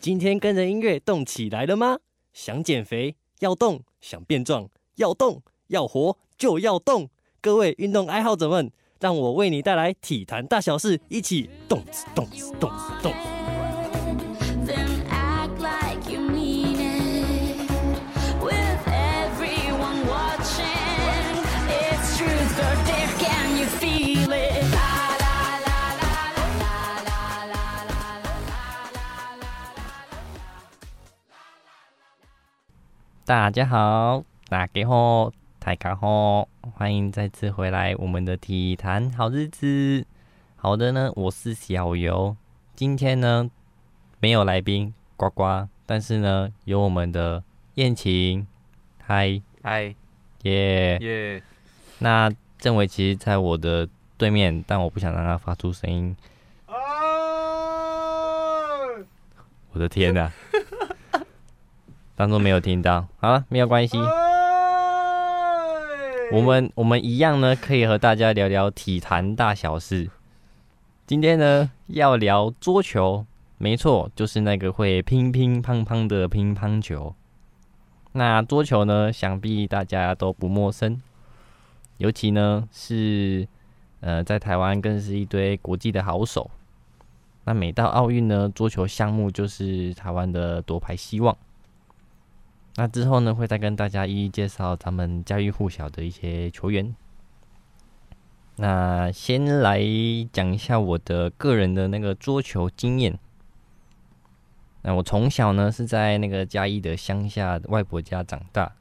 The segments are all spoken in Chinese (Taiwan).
今天跟着音樂動起來了嗎？想減肥要動，想變壯要動，要活就要動。各位運動愛好者們，讓我為你帶來體壇大小事，一起動次動次動次動次大家好，大家好，大家好，歡迎再次回來我們的體談好日子。好的呢，我是小游，今天呢沒有來賓呱呱，但是呢有我們的燕晴，嗨嗨耶耶。那政委其實在我的對面，但我不想讓他發出聲音。Oh! 我的天吶、啊！ 當做沒有聽到，好、啊、了，沒有關係。我們我們一樣呢，可以和大家聊聊體壇大小事。今天呢，要聊桌球，沒錯，就是那個會乒乒乓乓的乒乓球。那桌球呢，想必大家都不陌生，尤其呢是呃，在台灣更是一堆國際的好手。那每到奧運呢，桌球項目就是台灣的奪牌希望。那之後呢，會再跟大家一一介紹咱們家喻戶曉的一些球員。那先來講一下我的個人的那個桌球經驗。那我從小呢是在那個嘉義的鄉下外婆家長大。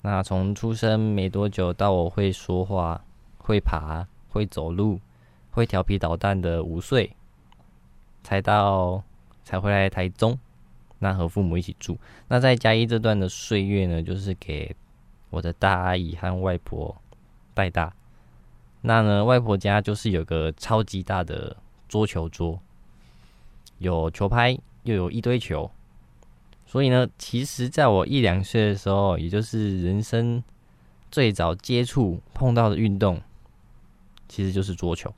那從出生沒多久到我會說話、會爬、會走路、會調皮搗蛋的五歲，才到才回來台中。那和父母一起住，那在嘉義這段的歲月呢，就是給我的大阿姨和外婆帶大。那呢，外婆家就是有個超級大的桌球桌，有球拍，又有一堆球。所以呢，其實在我一兩歲的時候，也就是人生最早接觸碰到的運動，其實就是桌球。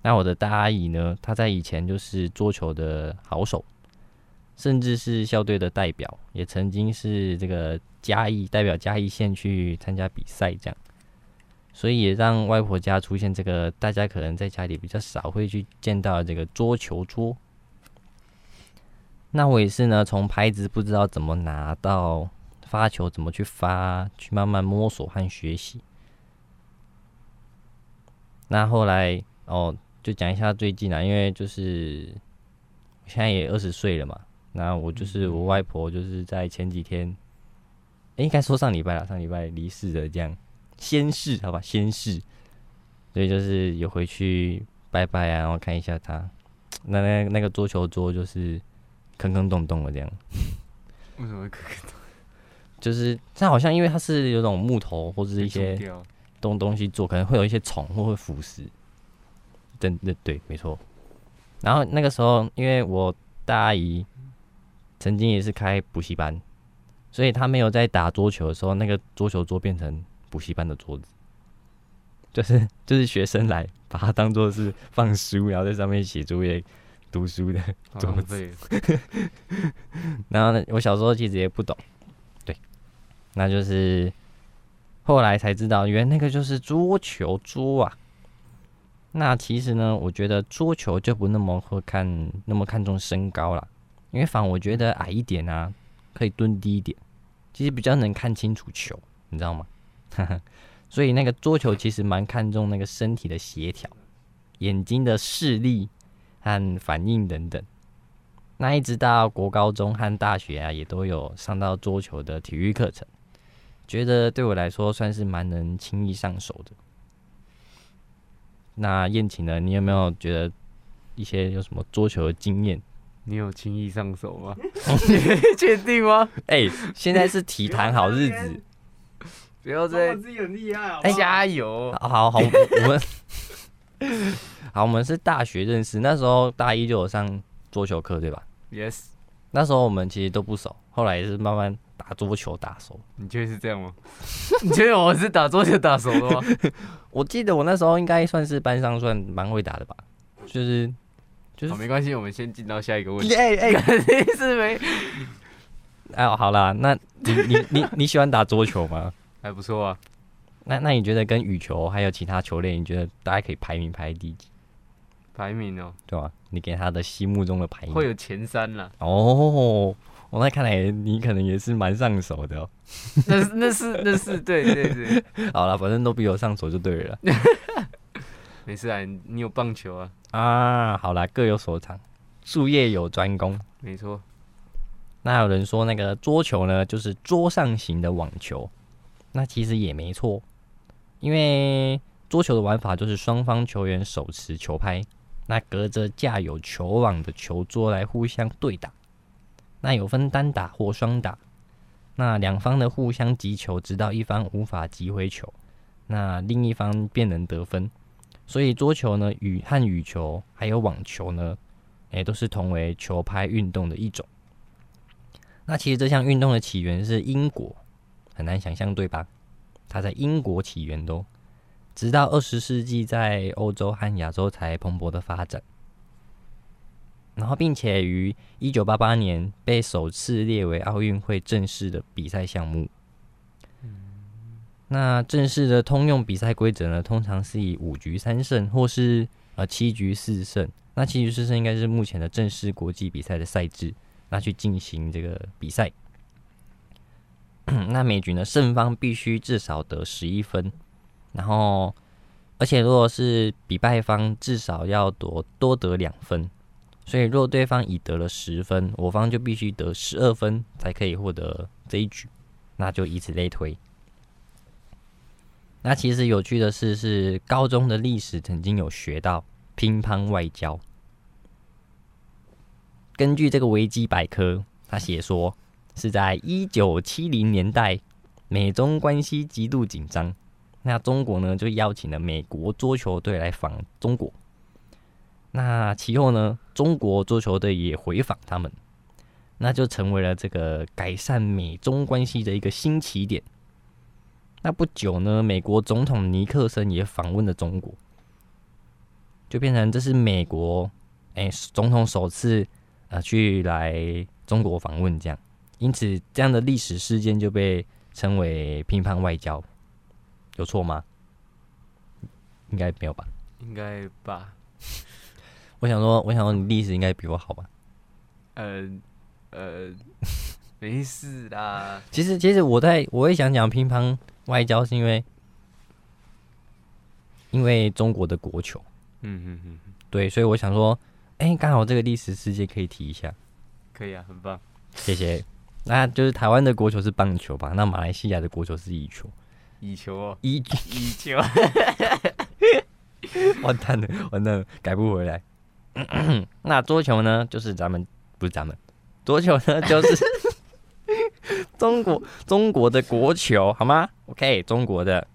那我的大阿姨呢，她在以前就是桌球的好手。甚至是校隊的代表，也曾經是這個嘉義代表嘉義縣去參加比賽，這樣，所以也讓外婆家出現這個大家可能在家裡比較少會去見到的這個桌球桌。那我也是呢，從拍子不知道怎麼拿到發球，怎麼去發，去慢慢摸索和學習。那後來哦，就講一下最近啊，因為就是我現在也二十歲了嘛。那我就是我外婆，就是在前幾天，欸，應該說上禮拜了，上禮拜離世的這樣，仙逝，好吧，仙逝。所以就是有回去拜拜啊，然後看一下他。那那那個桌球桌就是坑坑洞洞的這樣。為什麼會坑坑，就是它好像因為它是有種木頭或者是一些東東西做，可能會有一些蟲或會腐蝕。對對對，沒錯。然後那個時候，因為我大阿姨。曾經也是開補習班，所以他沒有在打桌球的時候，那個桌球桌變成補習班的桌子，就是就是學生來把它當做是放書，然後在上面寫作業、讀書的桌子。是是 然後我小時候其實也不懂，對，那就是後來才知道，原來那個就是桌球桌啊。那其實呢，我覺得桌球就不那麼會看那麼看重身高了。因為反正我覺得矮一點啊，可以蹲低一點，其實比較能看清楚球，你知道嗎？哈哈。所以那個桌球其實蠻看重那個身體的協調、眼睛的視力和反應等等。那一直到國高中和大學啊，也都有上到桌球的體育課程，覺得對我來說算是蠻能輕易上手的。那燕琴呢，你有沒有覺得一些有什麼桌球的經驗？你有輕易上手嗎？確 定嗎？哎、欸，現在是體談好日子，不要再自己很厲害，加油！欸、好，好好，我們， 我們好，我們是大學認識，那時候大一就有上桌球課，對吧？Yes，那時候我們其實都不熟，後來也是慢慢打桌球打熟。你確定是這樣嗎？你確定我是打桌球打熟了嗎？ 我記得我那時候應該算是班上算蠻會打的吧，就是。就是、好，沒關係，我們先進到下一個問題。哎、欸、哎，肯、欸、定是沒。 哎，好啦，那你你你你喜歡打桌球嗎？還不錯啊。那那你覺得跟羽球還有其他球類，你覺得大家可以排名排第幾？排名哦。對啊，你給他的心目中的排名。會有前三了。哦，我、哦、那看來你可能也是蠻上手的哦。哦。 那是那是那是對對對。好了，反正都比我上手就對了。沒事啊，你有棒球啊。啊，好啦，各有所長，術業有專攻，沒錯。那有人說那個桌球呢，就是桌上型的網球，那其實也沒錯，因為桌球的玩法就是雙方球員手持球拍，那隔着架有球網的球桌來互相對打，那有分單打或雙打，那兩方的互相擊球，直到一方無法擊回球，那另一方便能得分。所以桌球呢，羽和羽球還有網球呢，哎，都是同為球拍運動的一種。那其實這項運動的起源是英國，很難想象對吧？它在英國起源都，直到二十世紀在歐洲和亞洲才蓬勃的發展。然後，並且於一九八八年被首次列為奧運會正式的比賽項目。那正式的通用比賽規則呢，通常是以五局三勝或是呃七局四勝。那七局四勝應該是目前的正式國際比賽的賽制。那去進行這個比賽。 那每局呢，勝方必須至少得十一分，然後而且如果是比敗方至少要多多得兩分。所以，若對方已得了十分，我方就必須得十二分才可以獲得這一局。那就以此類推。那其實有趣的是，是高中的歷史曾經有學到乒乓外交。根據這個維基百科，他寫說是在一九七零年代，美中關係極度緊張。那中國呢，就邀請了美國桌球隊來訪中國。那其後呢，中國桌球隊也回訪他們，那就成為了這個改善美中關係的一個新起點。那不久呢，美國總統尼克森也訪問了中國，就變成這是美國、欸、總統首次啊、呃、去來中國訪問這樣，因此這樣的歷史事件就被稱為乒乓外交，有錯嗎？應該沒有吧？應該吧？ 我想說，我想說，你歷史應該比我好吧？呃呃，沒事啦。 其實其實我在我也想講乒乓。外交是因為，因為中國的國球，嗯嗯嗯，對，所以我想說，哎、欸，剛好這個歷史事件可以提一下，可以啊，很棒，謝謝。那就是台灣的國球是棒球吧？那馬來西亞的國球是羽球，羽球哦，羽羽球，球 完蛋了，完蛋了，改不回來。 那桌球呢？就是咱們不是咱們，桌球呢就是。 中國中國的國球好嗎？OK，中國的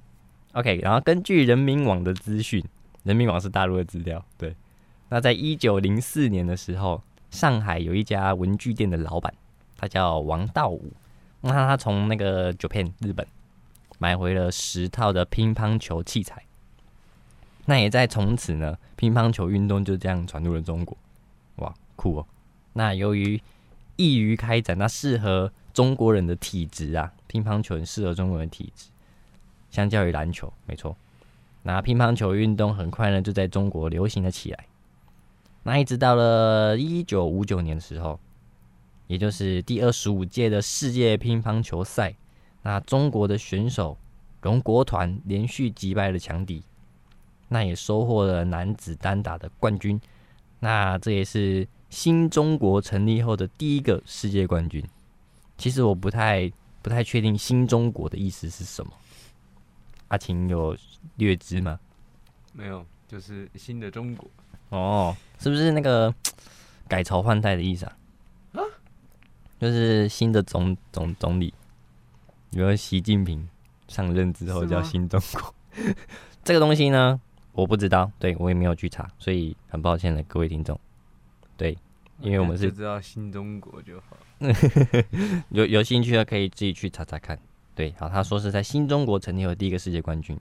OK。然後根據人民網的資訊，人民網是大陸的資料。對，那在一九零四年的時候，上海有一家文具店的老板，他叫王道武。那他從那個 Japan 日本買回了十套的乒乓球器材。那也在從此呢，乒乓球運動就這樣傳入了中國。哇，酷哦！那由於易於開展，那適合。中國人的體質啊，乒乓球很適合中國人的體質。相較於籃球，沒錯。那乒乓球運動很快呢，就在中國流行了起來。那一直到了一九五九年的時候，也就是第二十五屆的世界乒乓球賽，那中國的選手容國團連續擊敗了強敵，那也收穫了男子單打的冠軍。那這也是新中國成立後的第一個世界冠軍。其實我不太不太確定“新中國”的意思是什麼，阿、啊、晴有略知嗎？沒有，就是新的中國。哦，是不是那個改朝換代的意思啊？啊，就是新的總總總理，比如說習近平上任之後叫新中國。 這個東西呢，我不知道，對，我也沒有去查，所以很抱歉的各位聽眾。對，因為我們是、嗯、知道新中國就好。 有有興趣的可以自己去查查看。對，好，他說是在新中國成立後第一個世界冠軍，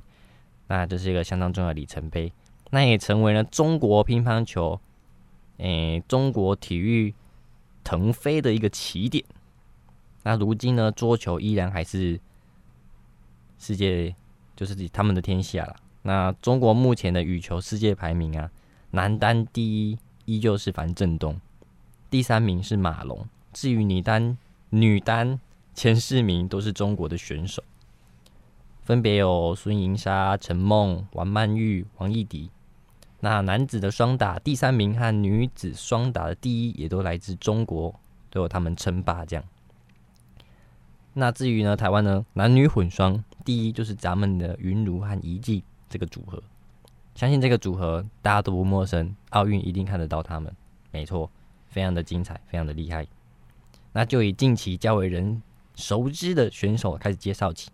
那這是一個相當重要的里程碑，那也成為了中國乒乓球，誒、欸，中國體育騰飛的一個起點。那如今呢，桌球依然還是世界就是他們的天下了。那中國目前的羽球世界排名啊，男單第一依舊是樊振東，第三名是馬龍。至於女單，女單前四名都是中國的選手，分別有孫穎莎、陳夢、王曼昱、王藝迪。那男子的雙打第三名和女子雙打的第一也都來自中國，都有他們稱霸。這樣。那至於呢，台灣呢，男女混雙第一就是咱們的昀儒和怡靜這個組合，相信這個組合大家都不陌生，奧運一定看得到他們，沒錯，非常的精彩，非常的厲害。那就以近期較為人熟知的選手開始介紹起。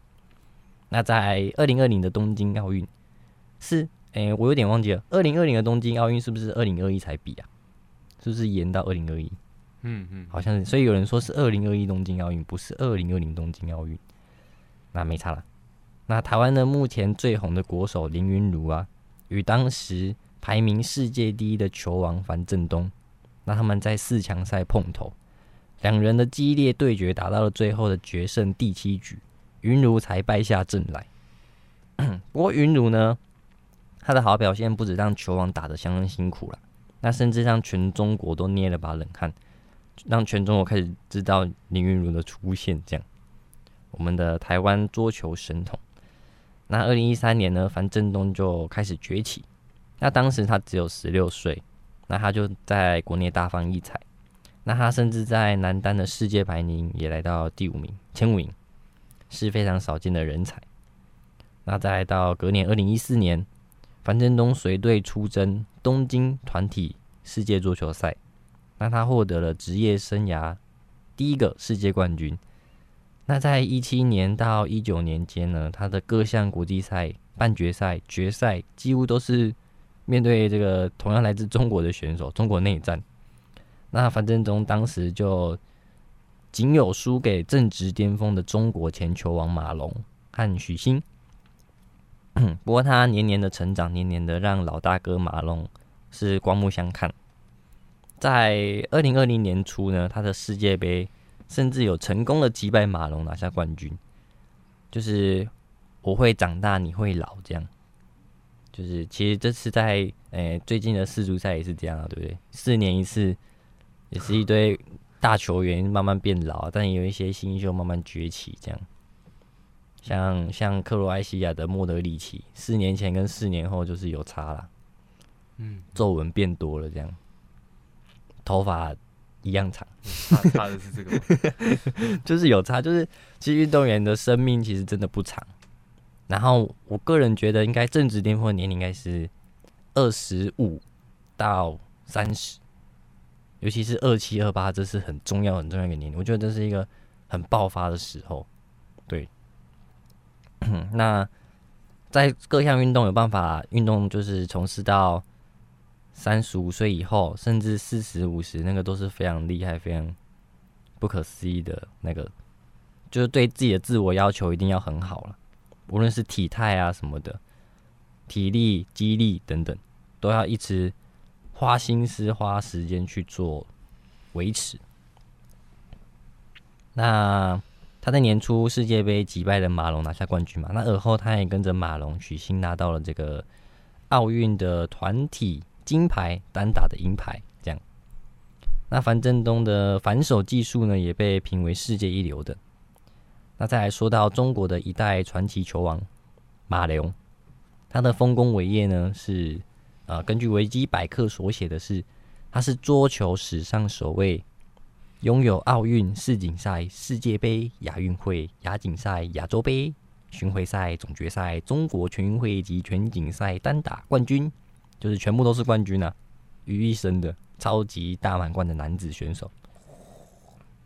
那在二零二零的東京奧運是誒、欸，我有點忘記了。二零二零的東京奧運是不是二零二一才比啊？是不是延到二零二一？嗯嗯，好像是。所以有人說是二零二一東京奧運，不是二零二零東京奧運。那沒差了。那台灣呢，目前最紅的國手林昀儒啊，與當時排名世界第一的球王樊振東，那他們在四強賽碰頭。兩人的激烈對決打到了最後的決勝第七局，昀儒才敗下陣來。 不過昀儒呢，他的好表現不止讓球王打得相當辛苦了，那甚至讓全中國都捏了把冷汗，讓全中國開始知道林昀儒的出現，這樣我們的台灣桌球神童。那二零一三年呢，樊振東就開始崛起，那當時他只有十六歲，那他就在國內大放異彩。那他甚至在男單的世界排名也來到第五名，前五名是非常少見的人才。那再來到隔年二零一四年，樊振東隨隊出征東京團體世界桌球賽，那他獲得了職業生涯第一個世界冠軍。那在一七年到一九年間呢，他的各項國際賽、半決賽、決賽幾乎都是面對這個同樣來自中國的選手，中國內戰。那樊振東當時就僅有輸給正值巔峰的中國前球王馬龍和許昕， 不過他年年的成長，年年的讓老大哥馬龍是刮目相看。在二零二零年初呢，他的世界杯甚至有成功的擊敗馬龍拿下冠軍，就是我會長大，你會老，這樣。就是其實這次在誒、欸、最近的世足賽也是這樣啊，對不對？四年一次。也是一堆大球員慢慢變老，但也有一些新秀慢慢崛起，這樣。像像克羅埃西亞的莫德里奇，四年前跟四年後就是有差了，嗯，皺紋變多了，這樣。頭髮一樣長。啊，差的是這個嗎？ 就是有差，就是其實運動員的生命其實真的不長。然後我個人覺得，應該正值巔峰的年齡應該是二十五到三十。尤其是二七二八，這是很重要、很重要的一個年齡，我覺得這是一個很爆發的時候，對。對， 那在各項運動有辦法運動，就是從事到三十五歲以後，甚至四十五十，那個都是非常厲害、非常不可思議的那個，就是對自己的自我要求一定要很好了，無論是體態啊什麼的，體力、肌力等等，都要一直。花心思、花時間去做維持。那他在年初世界杯擊敗了馬龍，拿下冠軍嘛。那而後他也跟着馬龍、許昕拿到了這個奧運的團體金牌、單打的銀牌。這樣，那樊振東的反手技術呢，也被評為世界一流的。那再來說到中國的一代傳奇球王馬龍，他的豐功偉業呢是。啊、呃，根據維基百科所寫的是，他是桌球史上首位擁有奧運、世錦賽、世界杯、亞運會、亞錦賽、亞洲杯、巡迴賽、總決賽、中國全運會及全錦賽單打冠軍，就是全部都是冠軍啊，於一身的超級大滿貫的男子選手。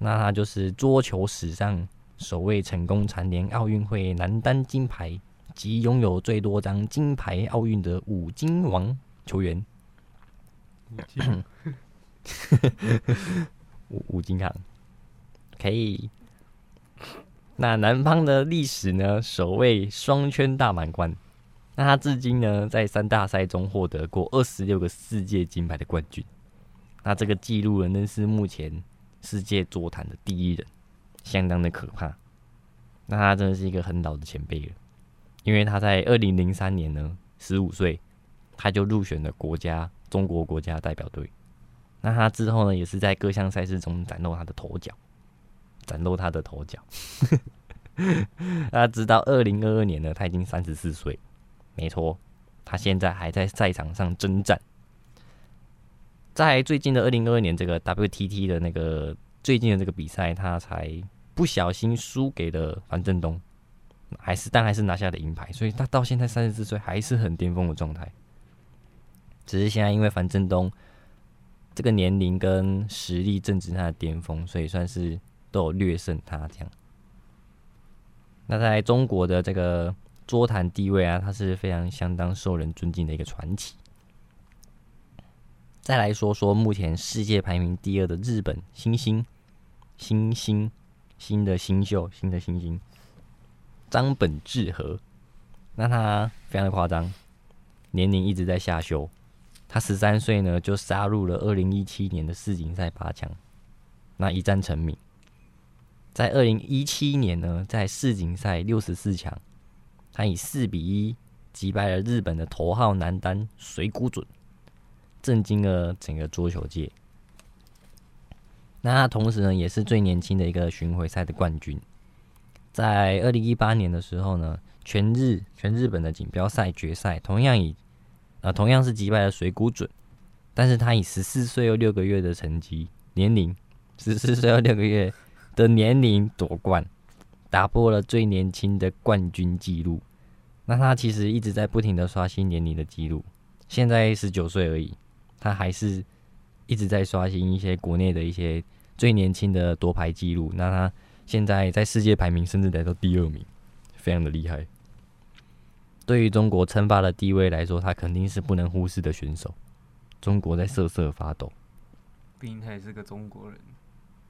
那他就是桌球史上首位成功蟬聯奧運會男單金牌及擁有最多張金牌奧運的五金王。球員、嗯，五 五、嗯、 金堂，可以。那南方的歷史呢？首位雙圈大滿貫。那他至今呢，在三大賽中獲得過二十六個世界金牌的冠軍。那這個記錄呢，那是目前世界桌壇的第一人，相當的可怕。那他真的是一個很老的前輩了，因為他在二零零三年呢，十五歲。他就入選了國家中國國家代表隊，那他之後呢，也是在各項賽事中展露他的頭角，展露他的頭角。 那直到二零二二年呢，他已經三十四歲，沒錯，他現在還在賽場上征戰。在最近的二零二二年這個 WTT 的那個最近的這個比賽，他才不小心輸給了樊振東，還是但還是拿下了銀牌，所以他到現在三十四歲還是很巔峰的狀態。只是現在，因為樊振東這個年齡跟實力正值他的巔峰，所以算是都有略勝他這樣。那在中國的這個桌壇地位啊，他是非常相當受人尊敬的一個傳奇。再來說說目前世界排名第二的日本新星，星，新星新的新秀，新的新星張本智和，那他非常的誇張，年齡一直在下修。他十三歲呢，就殺入了二零一七年的世錦賽八強，那一戰成名。在二零一七年呢，在世錦賽六十四強，他以四比一擊敗了日本的頭號男單水谷隼，震驚了整個桌球界。那他同時呢，也是最年輕的一個巡迴賽的冠軍。在二零一八年的時候呢，全日全日本的錦標賽決賽，同樣以。啊、呃，同樣是擊敗了水谷隼，但是他以十四歲又六個月的成績年齡，十四歲又六個月的年齡奪冠，打破了最年輕的冠軍記錄。那他其實一直在不停的刷新年齡的記錄，現在十九歲而已，他還是一直在刷新一些國內的一些最年輕的奪牌記錄。那他現在在世界排名甚至來到第二名，非常的厲害。對於中國稱霸的地位來說，他肯定是不能忽視的選手。中國在瑟瑟發抖。畢竟他也是個中國人。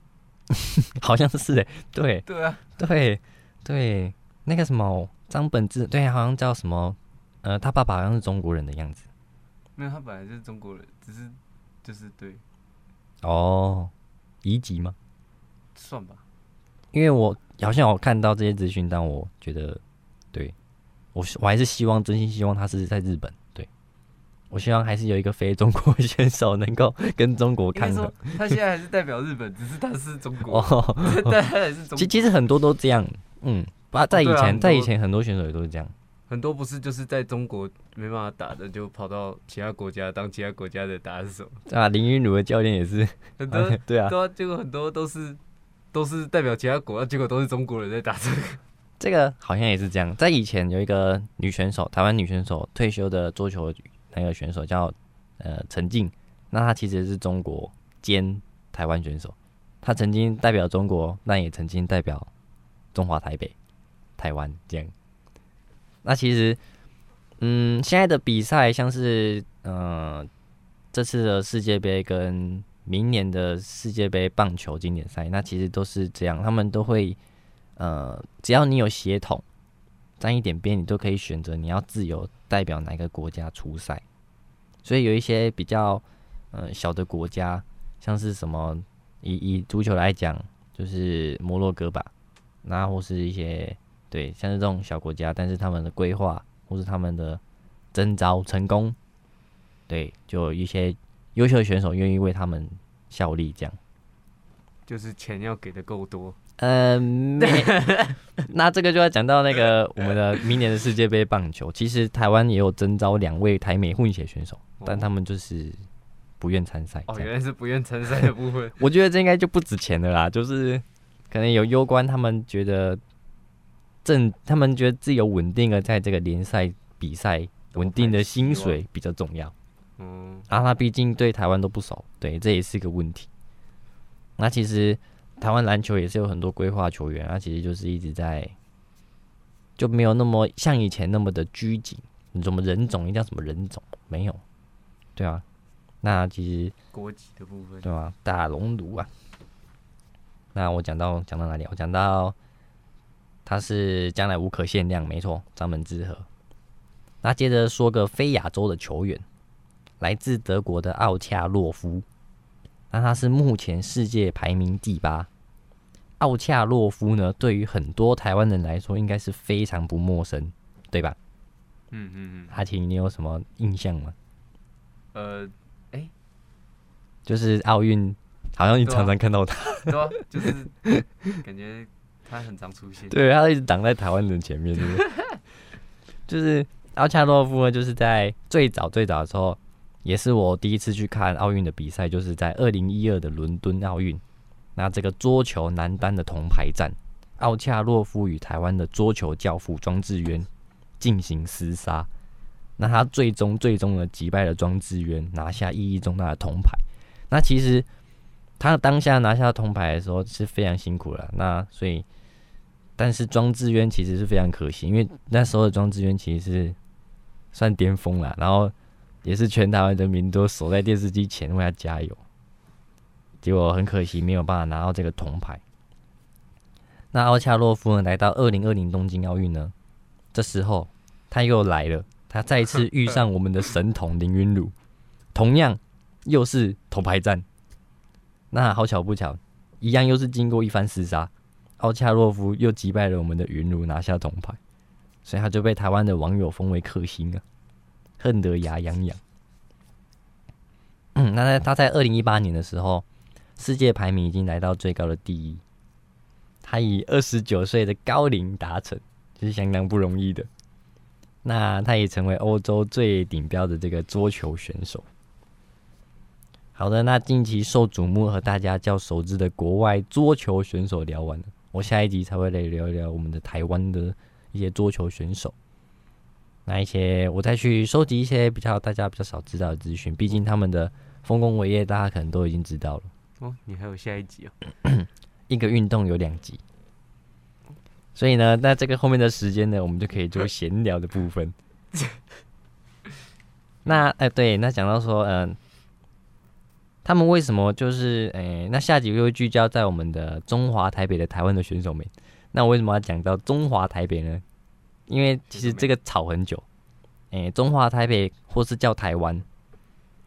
好像是是耶，對對啊，對對，那個什麼張本智，對，好像叫什麼，呃，他爸爸好像是中國人的樣子。沒有，他本來就是中國人，只是就是對。哦，移籍嗎？算吧，因為我好像我看到這些資訊，但我覺得。我我還是希望，真心希望他是在日本。對，我希望還是有一個非中國選手能夠跟中國抗衡。他現在還是代表日本， 只是他是中國， 但他也是中國。其其實很多都這樣，嗯，不，在以前、啊，在以前很多選手也都是這樣。很多不是就是在中國沒辦法打的，就跑到其他國家當其他國家的打手。啊，林昀儒的教練也是，很多對啊， 對啊，結果很多都是都是代表其他國家，結果都是中國人在打這個。這個好像也是這樣，在以前有一個女選手，台灣女選手，退休的桌球那個選手叫呃、陳靜，那她其實是中國兼台灣選手，她曾經代表中國，那也曾經代表中華台北台灣這樣。那其實，嗯，現在的比賽像是呃、這次的世界杯跟明年的世界杯棒球經典賽，那其實都是這樣，他們都會。呃，只要你有血統，沾一點邊，你都可以選擇你要自由代表哪個國家出賽。所以有一些比較嗯、呃、小的國家，像是什麼以以足球來講，就是摩洛哥吧，那或是一些對，像是這種小國家，但是他們的規劃或是他們的徵召成功，對，就有一些優秀的選手願意為他們效力，這樣。就是錢要給的夠多。嗯、呃，明明 那這個就要講到那個我們的明年的世界杯棒球， 其實台灣也有徵召兩位台美混血選手，嗯、但他們就是不願參賽。哦，原來是不願參賽的部分。 我覺得這應該就不值錢的啦，就是可能有攸關他們覺得正，他們覺得自己有穩定的在這個聯賽比賽，穩定的薪水比較重要。嗯，啊，他畢竟對台灣都不熟，對，這也是一個問題。那其實。台灣籃球也是有很多歸化球員，他其實就是一直在，就沒有那麼像以前那麼的拘謹，你怎麼人種一定要什麼人種，沒有，對啊。那其實國籍的部分，對啊，打龍奴啊。那我講到講到哪裡啊？我講到他是將來無可限量，沒錯，張本智和。那接着說個非亞洲的球員，來自德國的奧恰洛夫。那他是目前世界排名第八，奧恰洛夫呢？對於很多台灣人來說，應該是非常不陌生，對吧？嗯嗯嗯。阿、嗯、晴，你有什麼印象嗎？呃，哎、欸，就是奧運，好像你常常、啊啊、看到他，對、啊，就是 感覺他很常出現，對，他一直擋在台灣人前面， 就是奧恰洛夫呢，就是在最早最早的時候。也是我第一次去看奧運的比賽，就是在二零一二的倫敦奧運。那這個桌球男單的銅牌戰，奧恰洛夫與台灣的桌球教父莊智淵進行廝殺。那他最終最終呢擊敗了莊智淵，拿下意義重大的銅牌。那其實他當下拿下銅牌的時候是非常辛苦了。那所以，但是莊智淵其實是非常可惜，因為那時候的莊智淵其實是算巔峰了。然後。也是全台灣人民都守在電視機前為他加油，結果很可惜沒有辦法拿到這個銅牌。那奧恰洛夫呢來到二零二零東京奧運呢，這時候他又來了，他再次遇上我們的神童林昀儒。同樣又是銅牌戰。那好巧不巧，一樣又是經過一番廝殺，奧恰洛夫又擊敗了我們的昀儒，拿下銅牌，所以他就被台灣的網友封為克星了。恨得牙癢癢、嗯。那在他在二零一八年的時候，世界排名已經來到最高的第一。他以二十九歲的高齡達成，這、就是相當不容易的。那他也成為歐洲最頂標的這個桌球選手。好的，那近期受矚目和大家較熟知的國外桌球選手聊完了，我下一集才會來聊一聊我們的台灣的一些桌球選手。那一些，我再去收集一些比較大家比較少知道的資訊。畢竟他們的豐功偉業，大家可能都已經知道了。哦，你還有下一集哦。 一個運動有兩集，所以呢，那這個後面的時間呢，我們就可以做閒聊的部分。 那，哎、呃，對，那講到說，嗯、呃，他們為什麼就是，哎、呃，那下集又聚焦在我們的中華台北的台灣的選手們？那我為什麼要講到中華台北呢？因為其實這個吵很久，誒，中華台北或是叫台灣，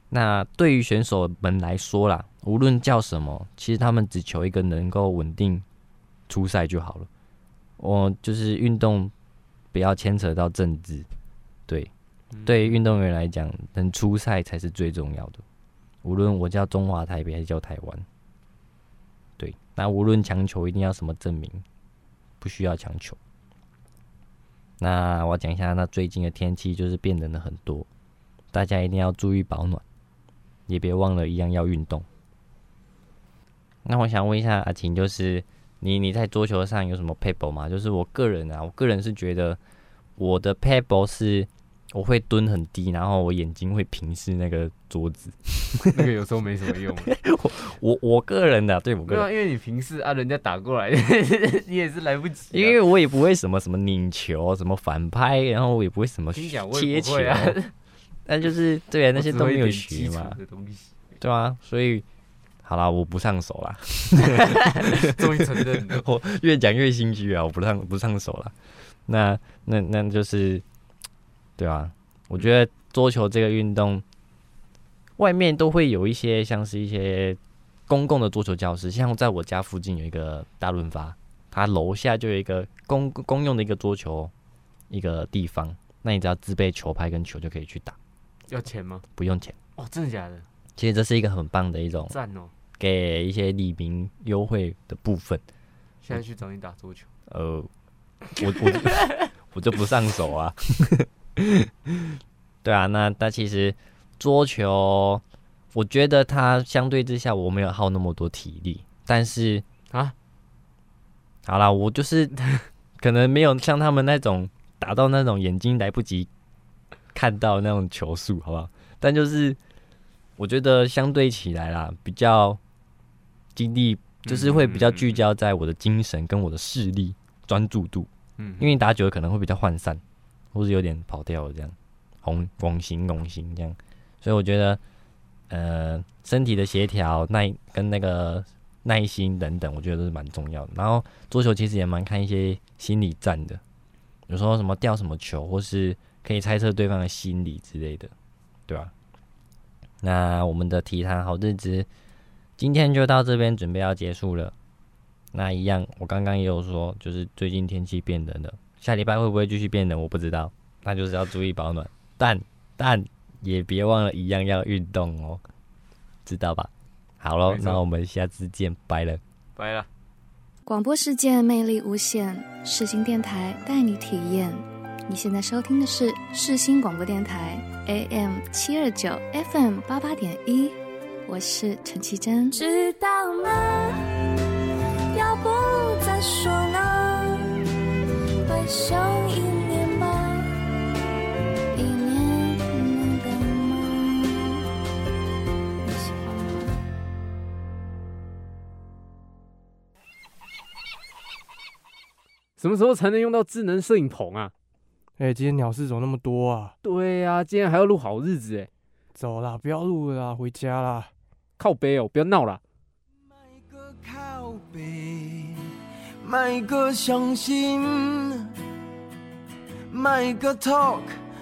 那對於選手們來說啦，無論叫什麼，其實他們只求一個能夠穩定出賽就好了。我就是運動，不要牽扯到政治，對，嗯、對於運動員來講，能出賽才是最重要的。無論我叫中華台北還是叫台灣，對，那無論強求一定要什麼證明，不需要強求。那我講一下，那最近的天氣就是變冷了很多，大家一定要注意保暖，也別忘了，一樣要運動。那我想問一下阿晴，就是你你在桌球上有什麼撇步嗎？就是我個人啊，我個人是覺得我的撇步是。我會蹲很低，然後我眼睛會平視那個桌子， 那個有時候沒什麼用 我。我我個人的、啊，對我個人、啊，因為你平視啊，人家打過來， 你也是來不及、啊。因為我也不會什麼什麼擰球，什麼反拍，然後我也不會什麼切球。但、啊啊、就是對啊，那些都沒有學嘛。對啊，所以好啦，我不上手了。終 於 承認了，我越講越心虛啊！我不上，不上手了。那那那就是。對啊，我覺得桌球這個運動，外面都會有一些像是一些公共的桌球教室，像在我家附近有一個大潤發，它樓下就有一個公公用的一個桌球一個地方，那你只要自備球拍跟球就可以去打。要錢嗎？不用錢哦，真的假的？其實這是一個很棒的一種哦，給一些利民優惠的部分。現在去找你打桌球？呃，我我， 我就不上手啊。 對啊，那但其實桌球，我覺得它相對之下我沒有耗那麼多體力，但是啊，好啦，我就是可能沒有像他們那種打到那種眼睛來不及看到那種球速，好不好？但就是我覺得相對起來啦，比較精力就是會比較聚焦在我的精神跟我的視力專注度，嗯，因為打久了可能會比較渙散。或是有點跑掉這樣，紅拱形、拱形這樣，所以我覺得，呃，身體的協調、耐跟那個耐心等等，我覺得都是蠻重要的。然後桌球其實也蠻看一些心理戰的，比如說什麼掉什麼球，或是可以猜測對方的心理之類的，對吧、啊？那我們的體談好日子今天就到這邊準備要結束了。那一樣，我剛剛也有說，就是最近天氣變冷了。下禮拜會不會繼續變冷？我不知道，那就是要注意保暖， 但但也別忘了一樣要運動哦，知道吧？好嘍，那我們下次見，拜了，拜了。廣播世界魅力無限，世新電台帶你體驗。你現在收聽的是世新廣播電台，AM 七二九，FM 八八點一。我是陳綺貞，知道嗎？要不再說？一年能等嗎？什麼時候才能用到智能攝影棚啊？哎、欸，今天鳥事怎麼那麼多啊？對呀、啊，今天還要錄好日子哎，走啦，不要錄啦，回家啦，靠北哦、喔，不要鬧啦。別再傷心，別再吵，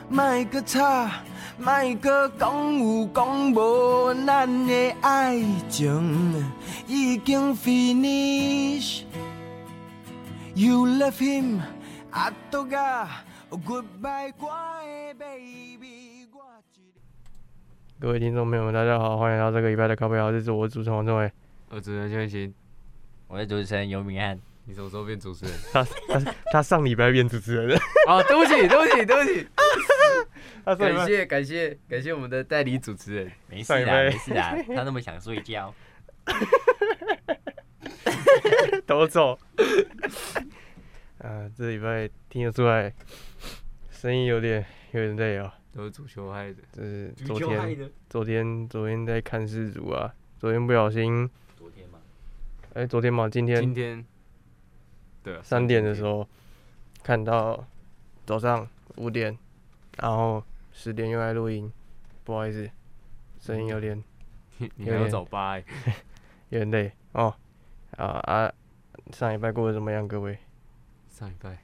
別再講有講無，咱的愛情已經 finish。You love him，I do not go. Goodbye，我的 baby。To... 各位聽眾朋友們，大家好，歡迎來到這個禮拜的《靠杯好日子》，我是主持人王仲偉，我是主持人邱逸群，我是主持人游明翰。你什麼時候變主持人？ 他他他上禮拜變主持人了。 哦，對不起，對不起，對不起。 啊、感謝感謝感謝我們的代理主持人，沒事啊沒事啊，他那麼想睡覺。都 走 。呃，這禮拜聽得出來，聲音有點有點累啊、哦。都是足球害的，就是昨天昨天昨天在看世足啊，昨天不小心。昨天嘛。哎、欸，昨天嘛，今天今天。對啊、三點的時候看到早上五點，然後十點又來錄音，不好意思，聲音有點、嗯、你有點走白、欸，有點累哦。啊啊，上禮拜過得怎麼樣，各位？上禮拜，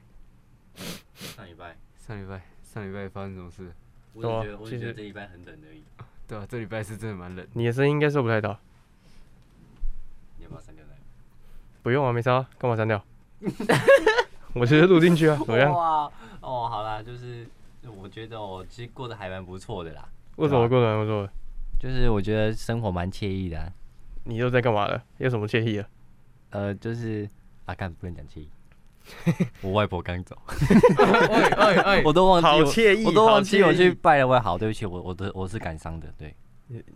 拜？上禮拜？上禮拜？上禮拜發生什麼事？我覺得我覺得這禮拜很冷而已。對啊，這禮拜是真的蠻冷的。你的聲音應該收不太到，你要不要刪掉。不用啊，沒差、啊，幹嘛刪掉？ 我覺得錄進去啊，怎麼樣？哦，好啦，就是我覺得我其實過得還蠻不錯的啦。為什麼過得蠻不錯？就是我覺得生活蠻愜意的、啊。你又在幹嘛了？有什麼愜意啊？呃，就是阿幹、啊、不能講愜意。 我外婆剛走， 哎哎，哎 我我，我都忘記好愜意，我都忘記我去拜了外好。對不起，我我都我是感傷的。對，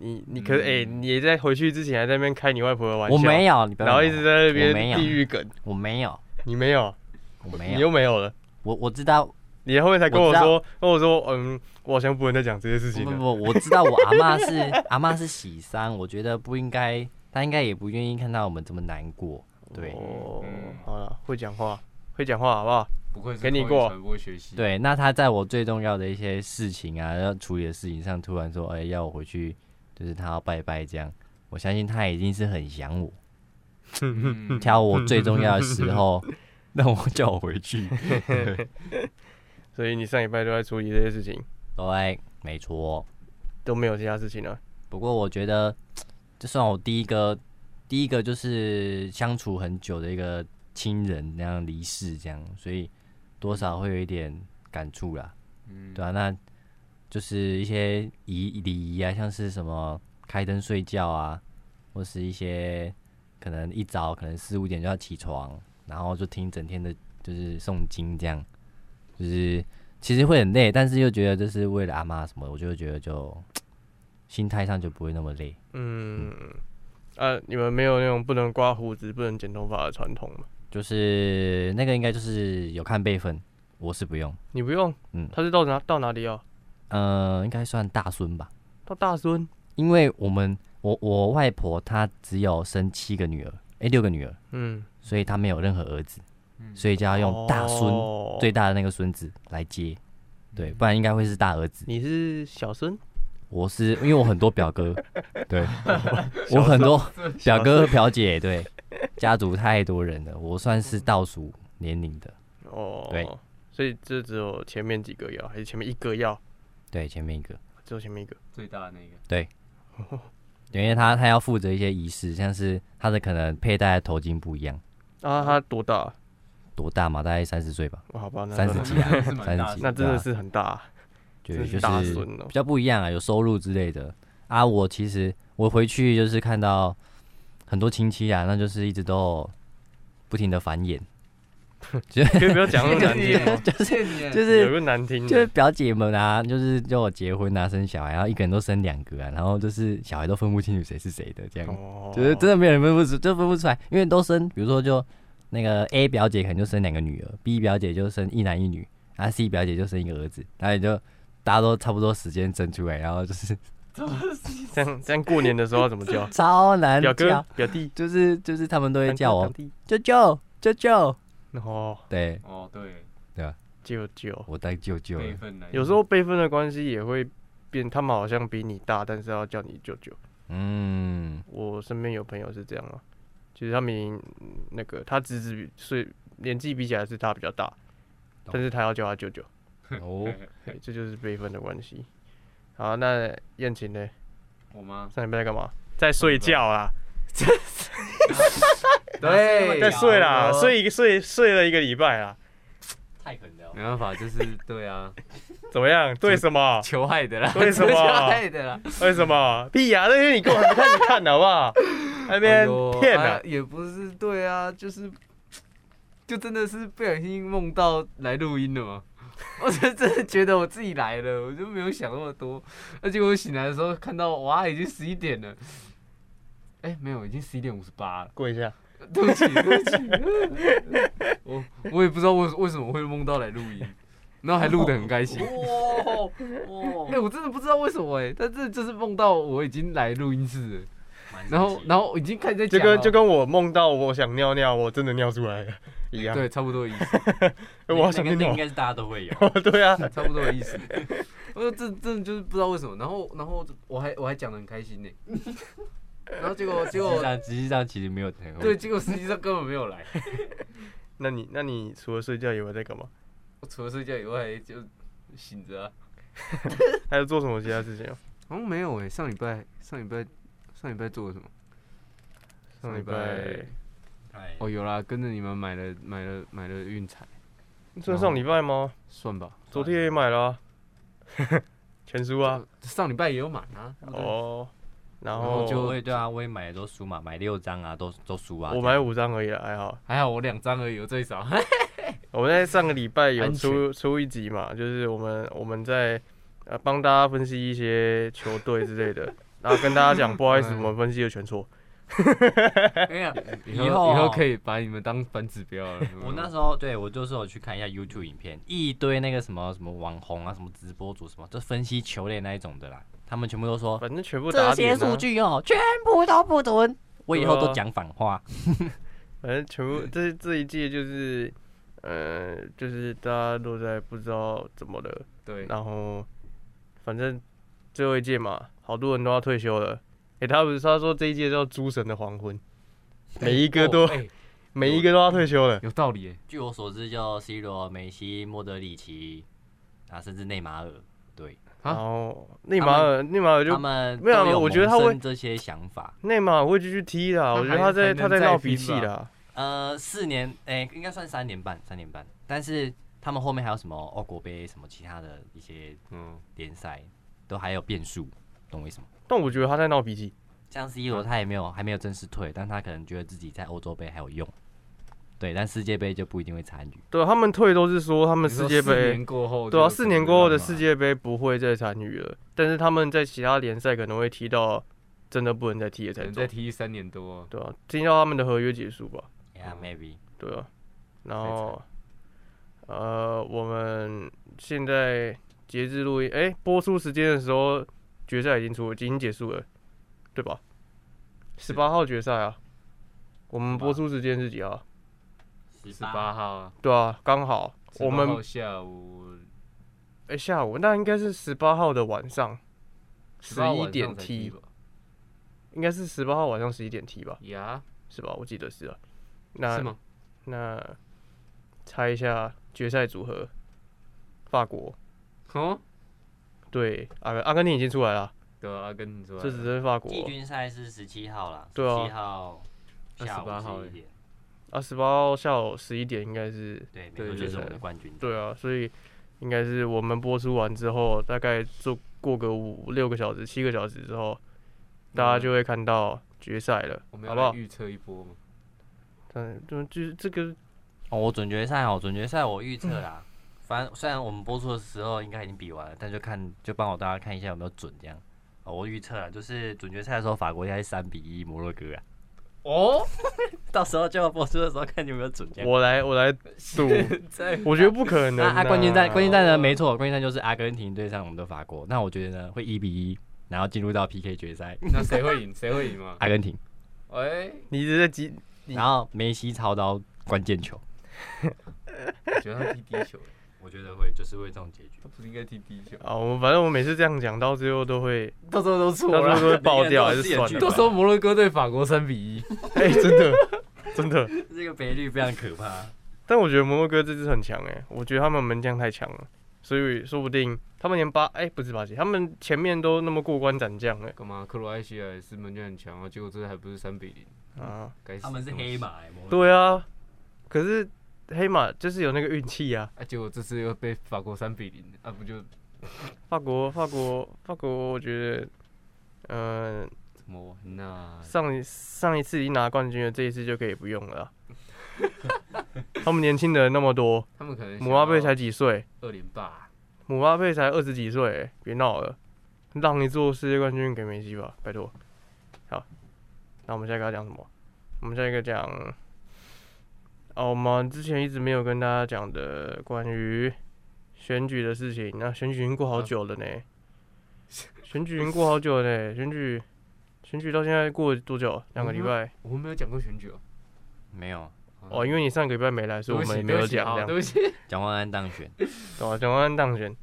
你你可是哎、嗯欸，你在回去之前還在那邊開你外婆的玩笑，我沒有，你不要沒有，然後一直在那邊地獄梗，我沒有。你沒有，我沒有，你又沒有了。我我知道，你後面才跟我說我，跟我說，嗯，我好像不能再講這些事情。不，不，不，我知道我阿嬤是 阿嬤是喜喪，我覺得不應該，他應該也不願意看到我們這麼難過。對，哦嗯、好了，會講話，會講話，好不好？不會跟你過不會學習。對，那他在我最重要的一些事情啊，要處理的事情上，突然說，哎、欸，要我回去，就是他要拜拜這樣。我相信他一定是很想我。嗯、挑我最重要的時候， 讓我叫我回去。 所以你上禮拜都在處理這些事情，對，沒錯，都沒有其他事情了。啊。不過我覺得，就算我第一個，第一個就是相處很久的一個親人那樣離世，這樣，所以多少會有一點感觸啦，嗯。對啊，那就是一些儀禮儀啊，像是什麼開燈睡覺啊，或是一些。可能一早可能四五點就要起床，然後就聽整天的，就是誦經這樣，就是其實會很累，但是又覺得這是為了阿媽什麼，我就覺得就心態上就不會那麼累，嗯。嗯，啊，你們沒有那種不能刮鬍子、不能剪頭髮的傳統嗎？就是那個應該就是有看輩分，我是不用，你不用，嗯，他是到哪到哪裡哦？嗯、呃，應該算大孫吧，到大孫，因為我們。我我外婆她只有生七個女兒，誒、欸，六個女兒，嗯，所以她沒有任何兒子，嗯、所以就要用大孫、哦、最大的那個孫子來接，對，不然應該會是大兒子。嗯、你是小孫，我是因為我很多表哥， 對， 我很多表哥和表姐，對，家族太多人了，我算是倒數年齡的，哦、嗯，對，所以這只有前面幾個要，還是前面一個要？對，前面一個，只有前面一個最大的那個，對。呵呵因為他他要負責一些儀式，像是他的可能佩戴的頭巾不一樣。啊，他多大？多大嘛？大概三十歲吧。好吧，那個，三十幾，三 十幾， 那真的是很大。對，大了，就是比較不一樣啊，有收入之類的啊。我其實我回去就是看到很多親戚啊，那就是一直都不停的繁衍。 可以不要講那麼難聽， 就是就是有個難聽，就是表姐們啊，就是叫我結婚啊，生小孩，然後一個人都生兩個，啊，然後就是小孩都分不清楚誰是誰的，這樣就是真的沒有人分不出，就分不出來，因為都生，比如說就那個 A 表姐可能就生兩個女兒，B 表姐就生一男一女，然後 C 表姐就生一個兒子，然後你就大家都差不多時間生出來，然後就是這樣這樣過年的時候怎麼叫？ 超難表哥表弟，就是就是他們都會叫我舅舅舅舅。哦，對，哦對，對啊，舅舅，我帶舅舅，有時候輩分的關係也會變，他們好像比你大，但是要叫你舅舅。嗯，我身邊有朋友是這樣啊，其實就是他們那個他侄子比歲年紀比起來是他比較大，但是他要叫他舅舅。哦 對，這就是輩分的關係。好，那燕晴呢？我嗎？上禮拜在幹嘛？在睡覺啊。對，在睡了、哎，睡一個睡睡了一個禮拜了太狠了，沒辦法，就是對啊， 怎麼樣？對什麼？求害的啦？為什麼？求害的啦？為什麼？屁呀、啊！那 天你跟我看着看好不好？那邊騙的，也不是對啊，就是就真的是不小心夢到來錄音了嘛， 我真真的覺得我自己來了，我就沒有想那麼多，那結果我醒來的時候看到，哇，已經十一點了，哎、欸，沒有，已經十一點五十八了，過一下。對不起，對不起，我我也不知道為為什麼會夢到來錄音，然後還錄的很開心。哇、哦、哇、哦哦欸，我真的不知道為什麼哎、欸，但真的是這是夢到我已經來錄音室了，然後然後已經開始在講。就、這、跟、個、就跟我夢到我想尿尿，我真的尿出來一樣。對，差不多的意思。我想尿。應該是大家都會有。對啊，差不多的意思。 我這這、那個 對啊、 就，就是不知道為什麼，然後然後我還我還講的很開心呢、欸。然後結果，結果實際上其實沒有台風。對，結果實際上根本沒有來。 那你那你除了睡覺以外在幹嘛？我除了睡覺以外就醒着，啊、 還有做什麼其他事情哦，沒有誒、欸。上禮拜上禮拜上禮拜做了什麼？上禮拜，上禮拜哦，有啦，跟着你們買了買了買了運彩。算上禮拜嗎？算吧，昨天也買了啊。 全輸啊！上禮拜也有買啊。哦。Oh. 然後就會，對啊，我也買的都輸嘛，買六張啊，都都輸啊。我買五張而已，還好還好，我兩張而已，我最少 。我們在上個禮拜有出出一集嘛，就是我們我們在呃、啊、幫大家分析一些球隊之類的，然後跟大家講，不好意思，我們分析的全錯。 以後以後可以把你們當分指標了。 我那時候對我就是有去看一下 YouTube 影片，一堆那個什麼什麼網紅啊，什麼直播主什麼，就分析球類那一種的啦。他們全部都說，反正全部這些數據哦、喔，全部都不準、啊。我以後都講反話。 反正全部這這一屆 就是，呃，就是大家都在不知道怎麼的。對。然後，反正最後一屆嘛，好多人都要退休了。誒、欸，他不是他說這一屆叫“諸神的黃昏”，每一個都、喔、每一個都要退休了。有，有，有道理。據我所知叫西，叫 C 羅、梅西、莫德里奇，啊，甚至內馬爾。對。好，內馬爾，內馬爾就他們沒有，我覺得他問這些想法。內馬爾會繼續踢的、啊，我覺得他在他在鬧脾氣的。呃，四年，誒、欸，應該算三年半，三年半。但是他們後面還有什麼歐國杯，什麼其他的一些嗯聯賽，都還有變數，懂我意思嗎？但我覺得他在鬧脾氣。像 C 羅，他也沒有、啊、還沒有正式退，但他可能覺得自己在歐洲盃還有用。對，但世界杯，就不一定會參與。對他們退都是說他們世界杯，過後，對啊，四年過後的世界杯不會再參與了。但是他們在其他聯賽可能會踢到，真的不能再踢了才，能再踢三年多。對啊，聽到他們的合約結束吧。Yeah, maybe。對啊，然後，呃，我們現在截至錄音，哎，播出時間的時候，決賽已經出了，已經結束了，對吧？十八號決賽啊，我們播出時間是幾號？十八號、啊，對啊，剛好我們下午，哎、欸，下午那應該是十八號的晚上，十一點踢吧，應該是十八號晚上十一點踢吧，是吧, yeah? 是吧？我記得是啊，那那猜一下決賽組合，法國，huh? 對，阿阿根廷已經出來了，對、啊，阿根廷出來了，這只是法國，季軍賽是十七號了，對啊，17號下午一點。啊，二十八號下午十一點應該是對，對，就是我們的冠軍。對啊，所以應該是我們播出完之後，大概就過個五六個小時、七個小時之後，大家就會看到決賽了。我們要預測一波嗎？嗯，就就是這個哦，我準決賽哦，準決賽我預測啦。嗯。反正雖然我們播出的時候應該已經比完了，但就看就幫我大家看一下有沒有準這樣。哦，我預測啦，就是準決賽的時候，法國應該是三比一摩洛哥啊。哦、oh? 到時候就要播出的時候看你有沒有準。 我來，我來賭。我覺得不可能、啊。那關鍵戰，關鍵戰呢？沒錯，關鍵戰就是阿根廷對上我們的法國。那 我覺得呢，會一比一，然後進入到 PK 決賽。那誰會贏？誰 會贏嗎？阿、啊、根廷。喂、 欸，你直是幾？然後梅西操刀關鍵球。 我覺得他踢低球。我覺得會就是會這種結局，不應該踢第一球啊！我反正我每次這樣講，到最後都會，到時候都錯，到時候都會爆掉還是算了。到時候摩洛哥對法國三比一，哎、 欸，真的，真的，這個賠率非常可怕。但我覺得摩洛哥這支很強哎、欸，我覺得他們門將太強了，所以說不定他們連八哎、欸、不是八級，他們前面都那麼過關斬將哎。幹嘛？克羅埃西亞也是門將很強啊，結果這還不是三比零啊該死？他們是黑馬、欸、摩洛哥對啊，可是。黑馬就是有那個運氣啊，啊！結果這次又被法國三比零，啊，啊不就法國法國法國，法國法國我覺得，呃，什麼那上一上一次已經拿冠軍了，這一次就可以不用了。 他們年輕的人那麼多，他們可能姆巴佩才幾歲，二零八，姆巴佩才二十幾歲，別鬧了，讓你做世界冠軍給梅西吧，拜托。好，那我們下一個要講什麼？我們下一個講。哦，我們之前一直沒有跟大家講的關於選舉的事情，那選舉已經過好久了呢。 選舉已經過好久了呢。選舉選舉到現在過多久？兩 個禮拜。我們沒有講過選舉哦。沒有。哦、oh,，因為你上個禮拜沒來，所以我們也沒有講。對不起。蔣萬安當選。哦，蔣萬安當選。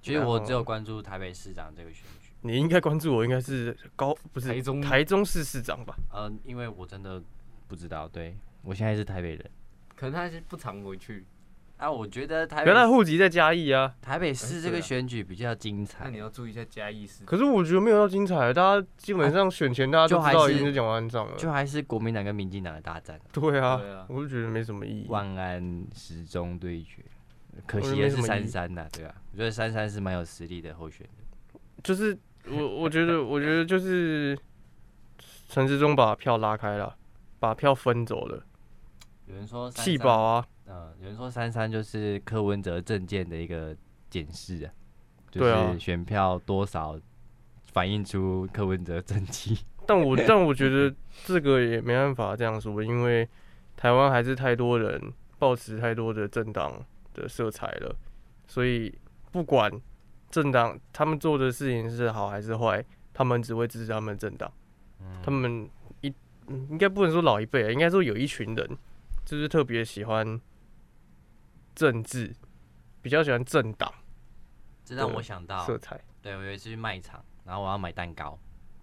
其實我只有關注台北市長這個選舉。Uh, 你應該關注我，應該是高不是台中台中市市長吧？嗯、呃，因為我真的不知道。對，我現在是台北人。可能他是不常回去，啊，我覺得台原來戶籍在嘉義啊。台北市這個選舉比較精彩，欸啊、那你要注意一下嘉義市。可是我覺得沒有到精彩，大家基本上選前大家都知道已經是蔣萬安上了，就還是國民黨跟民進黨的大戰對、啊。對啊，我就覺得沒什麼意義。萬安時中對決，可惜的是三三啊對啊，我覺得三三是蠻有實力的候選人，就是我我覺得我覺得就是陳時中把票拉開了，把票分走了。有人說3 3，啊，三三啊，有人說三三就是柯文哲政見的一個檢視啊，就是選票多少反映出柯文哲政績。哦、但我但我覺得這個也沒辦法這樣說，因為台灣還是太多人抱持太多的政黨的色彩了，所以不管政黨他們做的事情是好還是壞，他們只會支持他們政黨。他們一應該不能說老一輩啊、欸，應該說有一群人。就是特別喜歡政治，比較喜歡政黨。這讓我想到色彩。對，我有一次去賣場，然後我要買蛋糕，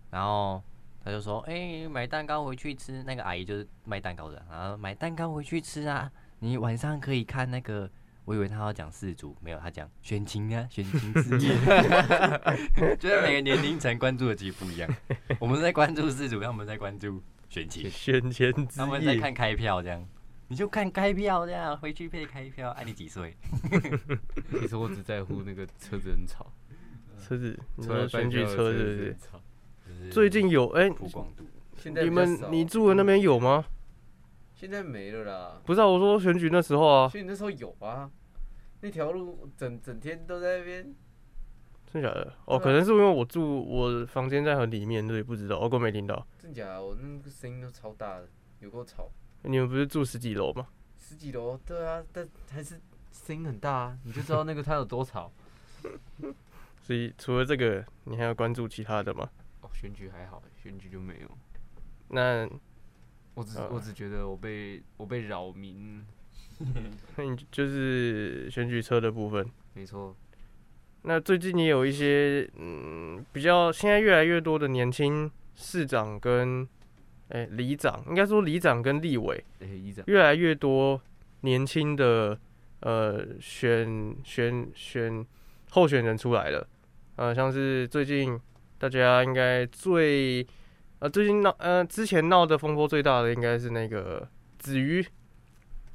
然後他就說：“哎、欸，買蛋糕回去吃。”那個阿姨就是賣蛋糕的。然後買蛋糕回去吃啊，你晚上可以看那個。我以為他要講四組，沒有，他講選情啊，選情之夜。 就像每個年齡層關注的季不一樣。 我們在關注四組，他們在關注選情。選情，他們在看開票這樣。你就看開票這樣，回去配開票。哎、啊，你幾歲？ 其實我只在乎那個車子很吵，車子，車，什麼選舉車，子對對對車子對對對是不是？最近有哎、欸，你們你住的那邊有嗎、嗯？現在沒了啦。不是啊，我說選舉那時候啊。選舉那時候有啊，那條路整整天都在那邊。真假的？哦、嗯，可能是因為我住我房間在很裡面，所以不知道。我、哦、哥沒聽到。真假的？我那個聲音都超大的，有夠吵。你們不是住十幾樓嗎？十幾樓，對啊，但還是聲音很大啊！你就知道那個他有多吵。 所以除了這個，你還要關注其他的嗎？哦，選舉還好，選舉就沒有。那我只、呃、我只覺得我被我被擾民。那 你 就是選舉車的部分。沒錯。那最近也有一些嗯，比較現在越來越多的年輕市長跟。誒、哎，里長應該說里長跟立委，里長越來越多年輕的呃選選選候選人出來了，呃，像是最近大家應該最呃最近鬧呃之前鬧的風波最大的應該是那個子瑜，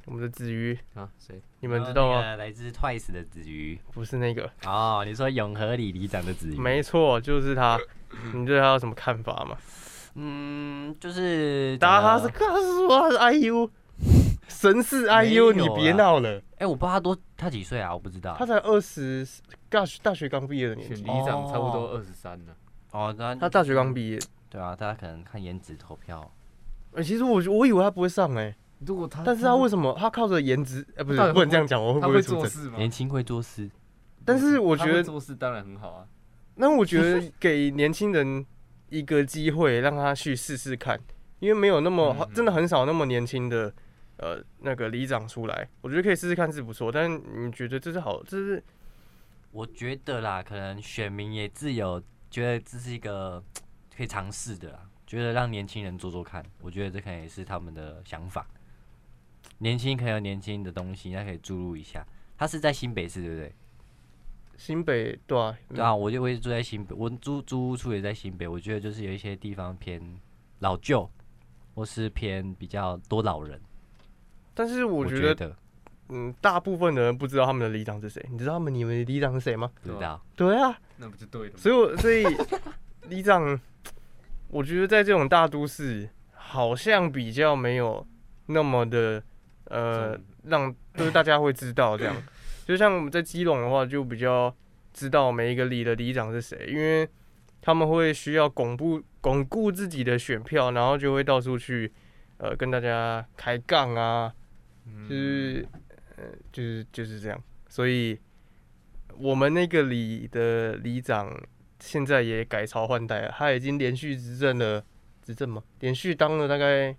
我們的子瑜啊，誰？你們知道嗎？哦那個、來自 TWICE 的子瑜，不是那個哦，你說永和裡里長的子瑜，沒錯，就是他。 你對他有什麼看法嗎？嗯，就是大家他是說他是，是，I U 神似 I U，你別鬧了。哎、欸，我不知道他多他幾歲啊？我不知道，他才二十大學剛畢業的年紀，理想差不多二十三了。哦，他他大學剛畢業、嗯，對啊，大家可能看顏值投票。哎、欸，其實我我以為他不會上哎、欸，如果他，但是他為什麼他靠着顏值？哎、欸，不是他不能這樣講，我會不會，他會，做，事嗎會做事？年輕會做事，但是我覺得他會做事當然很好啊。那我覺得給年輕人。 一個機會，讓他去試試看，因為沒有那麼嗯嗯真的很少那麼年輕的呃那個里長出來，我覺得可以試試看是不錯。但你覺得這是好？這是我覺得啦，可能選民也自有，覺得這是一個可以嘗試的啦，覺得讓年輕人做做看，我覺得這可能也是他們的想法。年輕可能有年輕的東西，大家可以注入一下。他是在新北市，對不對？新北對啊，對啊，我就會住在新北，我租租屋處也在新北。我覺得就是有一些地方偏老舊，或是偏比較多老人。但是我覺，我覺得，嗯，大部分的人不知道他們的里長是誰。你知道他們你們里長是誰嗎？不知道。對啊。那不就對了。所以我。所以，所 以里長，我覺得在這種大都市，好像比較沒有那麼的呃，讓就是大家會知道這樣。 就像我們在基隆的話，就比較知道每一個裡的里長是誰，因為他們會需要鞏固鞏固自己的選票，然後就會到處去呃跟大家開槓啊，就是呃就是就是這樣。所以我們那個裡的里長現在也改朝換代了，他已經連續執政了，執政嗎？連續當了大概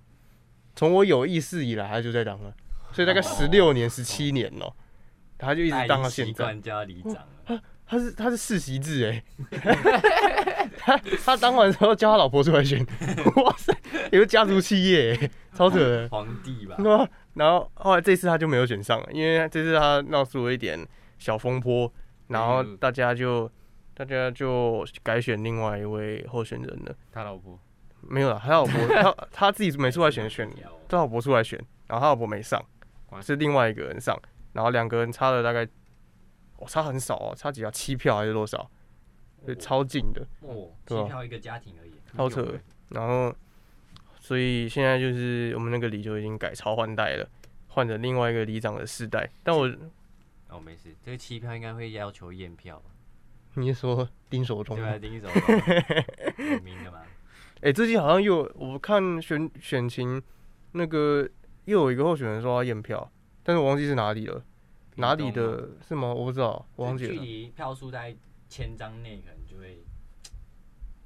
從我有意識以來，他就在當了，所以大概十六年、 十七年了、哦他就一直當到現在。他他是他是世襲制誒。 他他當完之後叫他老婆出來選， 哇塞，有個家族企業，超扯。皇帝吧。 然後後來這次他就沒有選上了，因為這次他鬧出了一點小風波，嗯、然後大家就大家就改選另外一位候選人了。他老婆沒有了，他老婆他他自己沒出來選， 他來選他，哦，老婆出來選，然後他老婆沒上，是另外一個人上。然後兩個人差了大概，哦，差很少哦，差幾票，七票還是多少？哦、超近的。哦，七票一個家庭而已。超扯。然後，所以現在就是我們那個里就已經改朝換代了，換成另外一個里長的世代。但我，哦，沒事，這個七票應該會要求驗票。你說丁守中？對啊，丁守中，有名的嘛。哎、欸，最近好像又我看選選情，那個又有一個候選人說要驗票。但是我忘記是哪裡了，哪裡的？是嗎？我不知道。我忘記了。距離票數在千張內，可能就會。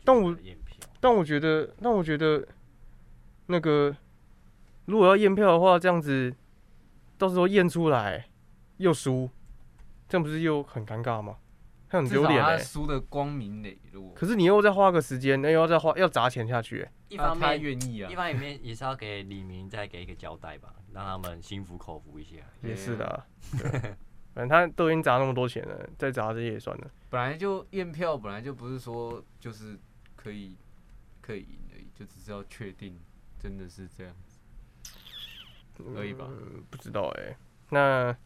但我但我覺得，但我覺得那個，如果要驗票的話，這樣子，到時候驗出來又輸，這樣不是又很尷尬嗎？至少他輸的光明磊、欸、落。可是你又再花個時間，那又要再花要砸錢下去、欸。一方面願意啊， 一方面也是要給李明再給一個交代吧，讓他們心服口服一下。也是的，耶耶 反正他都已經砸那麼多錢了，再砸這些也算了。本來就驗票，本來就不是說就是可以可以贏，就只是要確定真的是這樣子，可以吧、嗯。不知道哎、欸，那。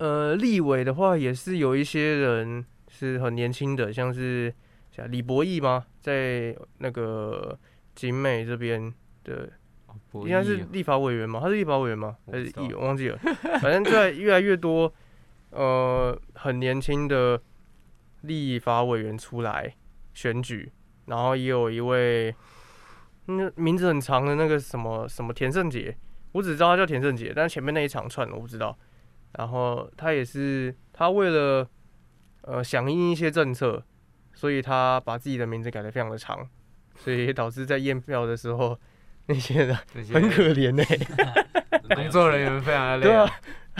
呃，立委的話也是有一些人是很年輕的，像是李柏毅嗎？在那個景美這邊的，應該是立法委員嗎？他是立法委員嗎？還是議員？忘記了。反正在越來越多呃很年輕的立法委員出來選舉，然後也有一位那名字很長的那個什麼什麼田聖傑，我只知道他叫田聖傑，但是前面那一長串我不知道。然後他也是，他為了呃響應一些政策，所以他把自己的名字改得非常的長，所以導致在驗票的時候那些人些很可憐呢、欸。 工作人員非常的累、啊，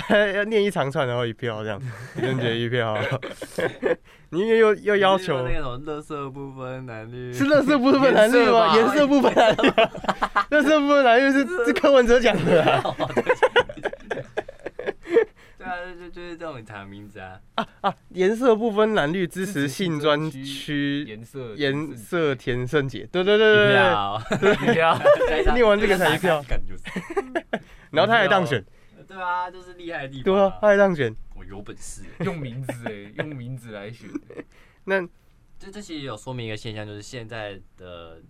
對啊，要念一長串然後一票這樣子， 一票一票。 你應該又又要求那種樂色不分藍綠，是樂色不分藍綠嗎？顏色不分藍綠、啊，樂 色不分藍綠是柯文哲講的、啊。 對啊，就就是這種長名字啊啊啊！顏、啊、色不分藍綠，支持性專區，顏色顏色田勝杰，對對對對對、啊哦、對，對，對，彩票、啊，念完、啊、 這個才一票、就是就是，然後他還當選，對啊，就是厲害的，地方啊對啊，他還當選，我有本事，用名字哎、欸， 用名字來選，那這這些也有說明一個現象，就是現在的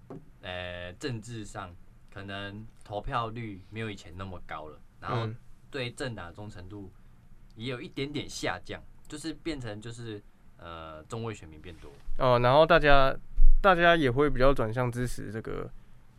呃政治上可能投票率沒有以前那麼高了，然後對政黨忠誠度。嗯也有一點點下降，就是變成就是呃中位選民變多哦、呃，然後大家大家也會比較轉向支持這個，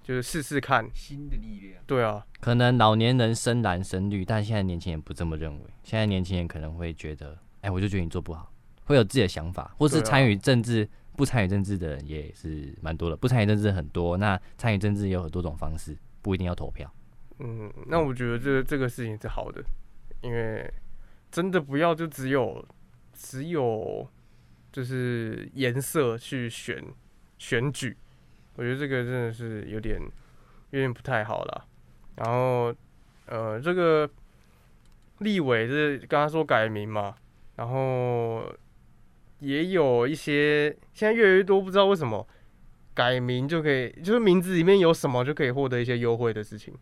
就是試試看新的力量。對啊，可能老年人深藍深綠，但現在年輕人不這麼認為。現在年輕人可能會覺得，哎、欸，我就覺得你做不好，會有自己的想法，或是參與政治、啊、不參與政治的人也是蠻多的，不參與政治很多，那參與政治有很多種方式，不一定要投票。嗯，那我覺得這個、這個事情是好的，因為。真的不要就只有只有就是顏色去選選舉，我覺得這個真的是有點有點不太好啦。然後呃，這個立委是剛剛說改名嘛，然後也有一些現在越來越多不知道為什麼改名就可以，就是名字裡面有什麼就可以獲得一些優惠的事情。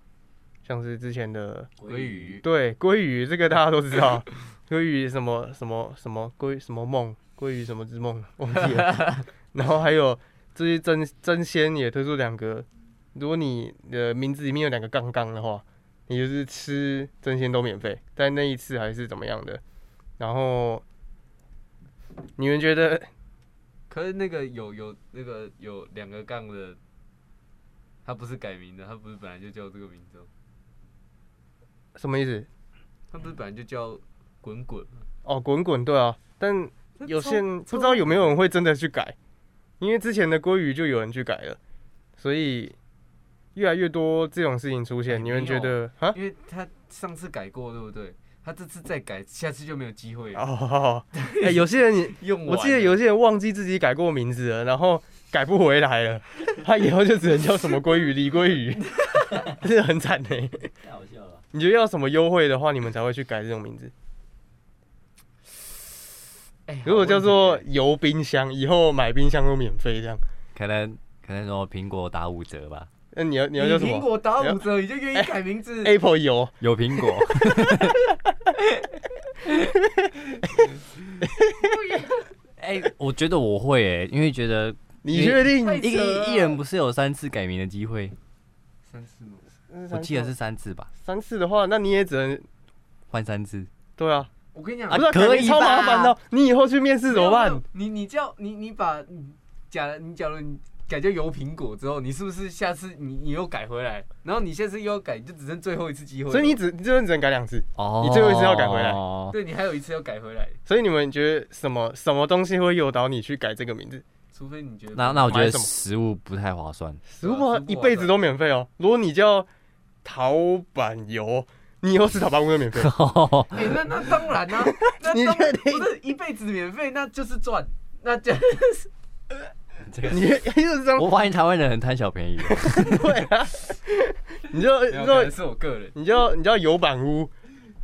像是之前的鮭魚，對，鮭魚這個大家都知道，鮭 魚什麼什麼什麼鮭什麼夢，鮭魚什麼之夢忘記了。 然後還有這些爭爭鮮也推出兩個，如果你的名字裡面有兩個槓槓的話，你就是吃爭鮮都免費。但那一次還是怎麼樣的？然後你們覺得？可是那個有有那個有兩個槓的，他不是改名的，他不是本來就叫這個名字。什麼意思？他不是本來就叫滾滾？哦，滾滾，對啊。但有些人不知道有沒有人會真的去改，因為之前的鮭魚就有人去改了，所以越來越多這種事情出現。欸、你們覺得啊？因為他上次改過，對不對？他這次再改，下次就沒有機會了。哦好好、欸，有些人 用完我記得有些人忘記自己改過名字了，然後改不回來了。 他以後就只能叫什麼鮭魚李鮭魚， 鮭魚 真的很慘哎。太好笑了。你覺得要什麼優惠的話，你們才會去改這種名字？欸、如果叫做“油冰箱”，以後買冰箱都免費這樣，可能可能說蘋果打五折吧？那、嗯、你要你要叫什麼？蘋果打五折，你，你就願意改名字、欸、？Apple 有有蘋果？我覺得我會哎、欸，因為覺得你確定、欸、一一人不是有三次改名的機會？三次嗎？我記得是三次吧，三次的話，那你也只能換三次。對啊，我跟你講啊，可以超麻煩的。你以後去面試怎麼辦？沒有沒有你你叫你你把，你假你假如你改叫油蘋果之後，你是不是下次你你又改回來？然後你下次又要改，就只剩最後一次機會。所以你只你這邊只能改兩次，哦、oh，你最後一次要改回來。對，你還有一次要改回來。所以你們覺得什麼什麼東西會誘導你去改這個名字？除非你覺得你那那我覺得食物不太划算，啊、食物一輩子都免費哦、喔。如果你叫。陶板屋，你以後吃陶板屋都免費？哎、 欸，那那當然啦、啊，那當然不是一輩子免費，那就是賺。那這…… 你就是這樣。我發現台灣人很貪小便宜。 對啊，你說你說是我個人，你就你就油板屋，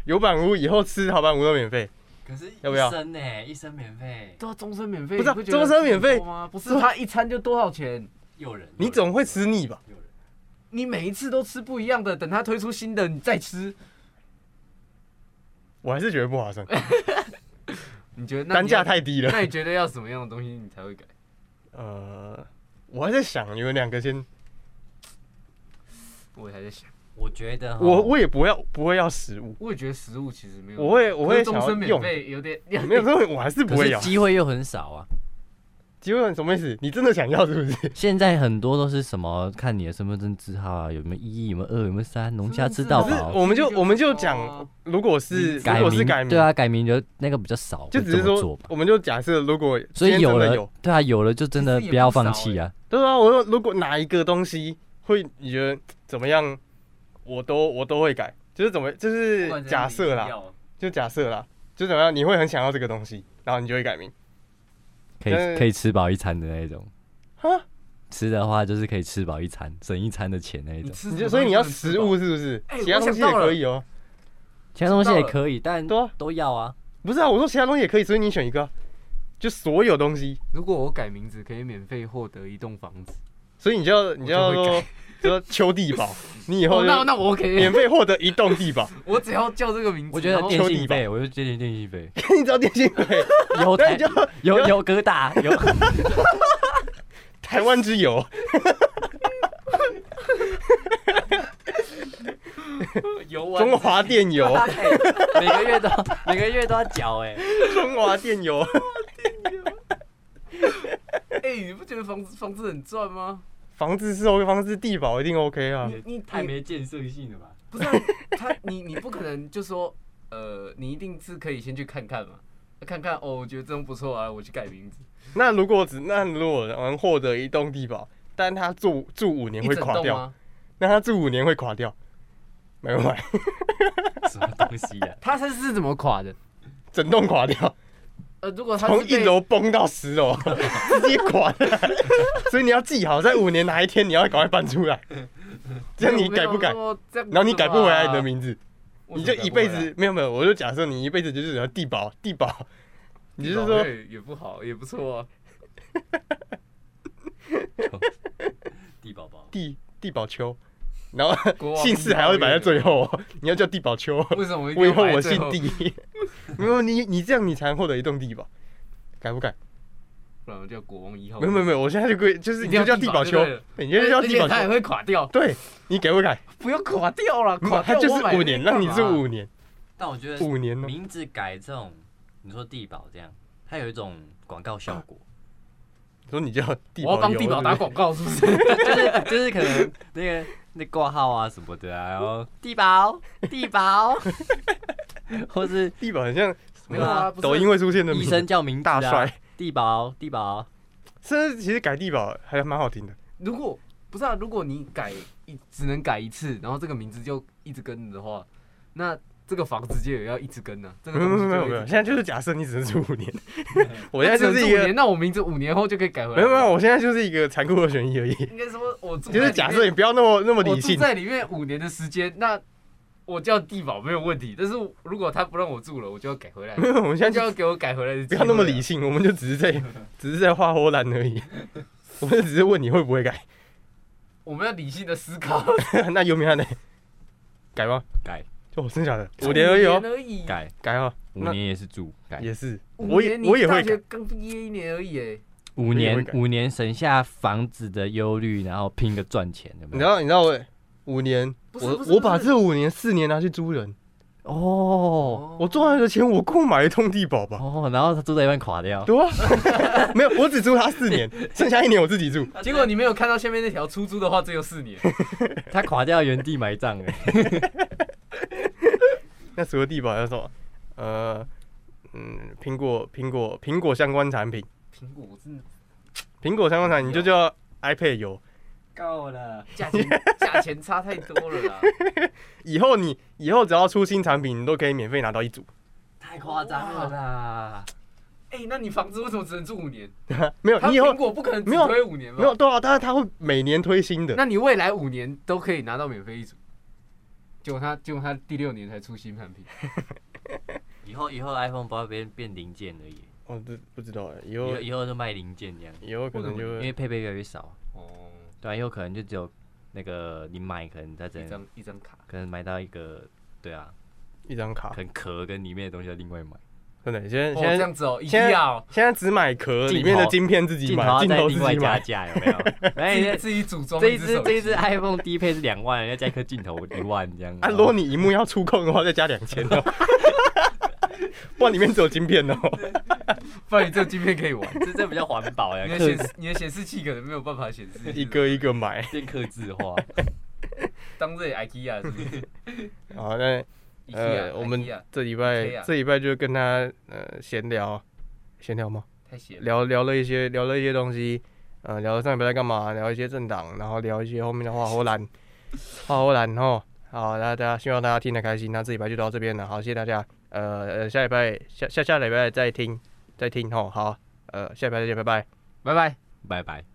油板屋以後吃陶板屋都免費。可是，欸、要不要？一生一生免費，都要終身免費，不是終身免費不是，他一餐就多少錢？有人，人，人，你總會吃膩吧？你每一次都吃不一樣的，等他推出新的，你再吃，我還是覺得不划算。 你覺得那你單價太低了？那你覺得要什麼樣的東西你才會改？呃，我還在想，你們兩個先，我還在想，我覺得，我我也不會要，不會要食物。我也覺得食物其實沒有，我會我會終身免費，有點，有點我沒有，所以我還是不會要，機會又很少啊。請問什麼意思？你真的想要是不是？現在很多都是什麼看你的身份證字號啊，有沒有一，有沒有二，有沒有三？農家知道吧？我們就我們就講，如果是改名，對啊，改名就那個比較少。就只是說，我們就假設，如果所以有了，對啊，有了就真的不要放棄啊、欸。對啊，我說如果哪一個東西會你覺得怎麼樣，我都我都會改，就是怎麼就是假設啦，就假設啦，就怎麼樣？你會很想要這個東西，然後你就會改名。可以可以吃飽一餐的那種，蛤，吃的話就是可以吃飽一餐，省一餐的錢那種。所以你要食物是不是？欸、其他東西也可以哦、喔，其他東西也可以，但都要、啊、但都要啊。不是啊，我說其他東西也可以，所以你選一個，就所有東西。如果我改名字，可以免費獲得一棟房子，所以你就要你就要說說秋地堡，你以後那、oh, 那我給免費獲得一棟地堡，我只要叫這個名字，我覺得電信地堡，我就接電信費， 你知道電信費，有台 有有疙瘩，有，有 台灣之友 中華電油，每個月都每個月都要繳哎，中華電油，哎 電、 欸，你不覺得房子房子很賺嗎？房子是 OK，房子是地堡，一定 OK 啊！你，你太沒建設性了吧？不是、啊、他，你你不可能就說， 呃，你一定是可以先去看看嘛，看看哦，我覺得真不錯啊，我去改名字。那如果只那如果能獲得一棟地堡，但他住住五年會垮掉？那他住五年會垮掉？沒有， 什麼東西啊？他是是怎麼垮的？整棟垮掉。從一樓崩到十樓， 一管款、啊， 所以你要記好，在五年哪一天你要趕快搬出來， 這樣你改不改？有有然後你改不回來你的名字，啊、你就一輩子沒有沒有。我就假設你一輩子就是什麼地保，地保，你就是說也不好，也不錯、啊 ，地寶寶，地地保球。然後姓氏還要擺在最後、哦，你要叫地寶秋。為什麼我，要我以後我姓地？ 沒有你，你這樣你才能獲得一棟地堡。改不改？不然我叫國王一號、就是。沒有沒有沒有，我現在就可以，就是你就叫地寶秋，你現在叫地寶。而且它還會垮掉。對，你改不改？不要垮掉了，垮掉它就是五年，讓你是五年、啊。但我覺得五年名字改這種，你說地寶這樣，它有一種廣告效果。說你叫地寶，我要幫地寶打廣告，是不是？ 就是就是可能那、這個。那掛號啊什麼的啊、哦，然後地保地保， 或是地保、啊，好像沒有啊，抖音會出現的名醫生，叫明、啊、大帥，地保地保，甚至其實改地保還蠻好聽的。如果不是啊，如果你改一只能改一次，然後這個名字，就一直跟着的話，那。這個房子就也要一直跟呢、啊，這個、東西跟着沒，有沒有沒有沒有，現在就是假設你只能住五年， 我現在就是一個，那我名字五年後就可以改回來，沒有沒有，我現在就是一個殘酷的二選一而已。應該說我在，我就是假設你不要那麼那麼理性，在裡面五年的時間，那我叫地堡沒有問題，但是如果他不讓我住了，我就要改回來。沒有，沒有，我們現在就，就要給我改回來、啊，不要那麼理性，我們就只是在只是在畫虎爛而已， 我們就只是問你會不會改，我們要理性的思考。 那有沒有呢？改嗎？改。哦，剩下的五年而已哦、喔，改改哦，五年也是租，也是，我也我也會大學剛畢業一年而已耶，五年五年省下房子的憂慮，然後拼個賺錢有沒有？你知道你知道我五年不是不是不是我我把這五年四年拿去租人，哦，哦，我賺來的錢我購買一棟帝寶吧，哦，然後他租在一半垮掉，對啊， 沒有，我只租他四年， 剩下一年我自己住、啊，結果你沒有看到下面那條出租的話只有四年， 他垮掉原地埋葬哎。 那什麼地方？叫什呃，嗯，蘋果蘋果蘋果相關產品。蘋果是蘋果相關產品，你就叫 iPad 有。夠了，價錢價 錢差太多了啦。以後你以後只要出新產品，你都可以免費拿到一組。太誇張了啦！哎、欸，那你房子為什麼只能住五年？ 沒有，你蘋果不可能只推五年嗎沒？沒有，對啊，但是他會每年推新的。那你未來五年都可以拿到免費一組。就他就他第六年才出新產品 以後以後、哦欸以，以後以後 iPhone 不要變變零件而已。哦，不不知道以後以後就賣零件這樣子。以後可能就，因為配備越來越少。哦。對啊，以後可能就只有那個你買，可能在這，一張一張卡，可能買到一個對啊，一張卡。很殼跟裡面的東西要另外買。真的，現在現在只買殼，裡面的晶片自己買，鏡頭,頭再另外加價，有沒有？哎， 自己組裝。這一只這一只 iPhone 低配是兩萬， 要加一顆鏡頭一萬這樣。啊，哦、如果你螢幕要觸控的話，再加兩千哦。 不然裡面只有晶片哦， 不然你這個晶片可以玩，這這比較環保呀。 你的顯示你的顯示器可能沒有辦法顯示是是。一個一個買，先刻字化，當做 IKEA 是嗎？啊， 那。呃，Ikea, Ikea, Ikea. 呃，我們這禮拜、Ikea. 這禮拜就跟他呃閒聊，閒聊嘛，太閒，聊聊了一些，聊了一些東西，呃，聊了上禮拜在幹嘛？聊一些政黨，然後聊一些後面的話後，荷 蘭，話荷蘭哈。好，大家希望大家聽得開心。那這禮拜就到這邊了，好，謝謝大家。呃，下禮拜下下下禮拜再聽再聽哈。好，呃，下禮拜再見，拜拜，拜拜，拜拜。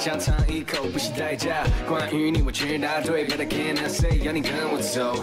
想嘗一口，不惜代價。關於你，我全答對。別的 Can't say，要你跟我走。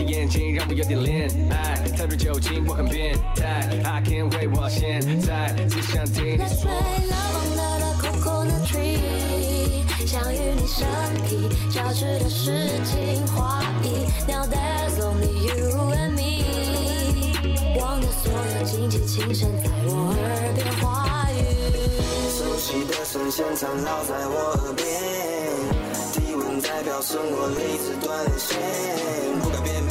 眼睛讓我有點戀愛，太如酒精，我很變態。I can't wait，我現在只想聽。Play, oh. tree, 想與你身體交織的詩情畫意，Now there's only you and me。忘掉所有親戚輕聲在我耳邊話語。熟悉的聲線纏繞在我耳邊，體溫在飆升，我理智斷線，不改變。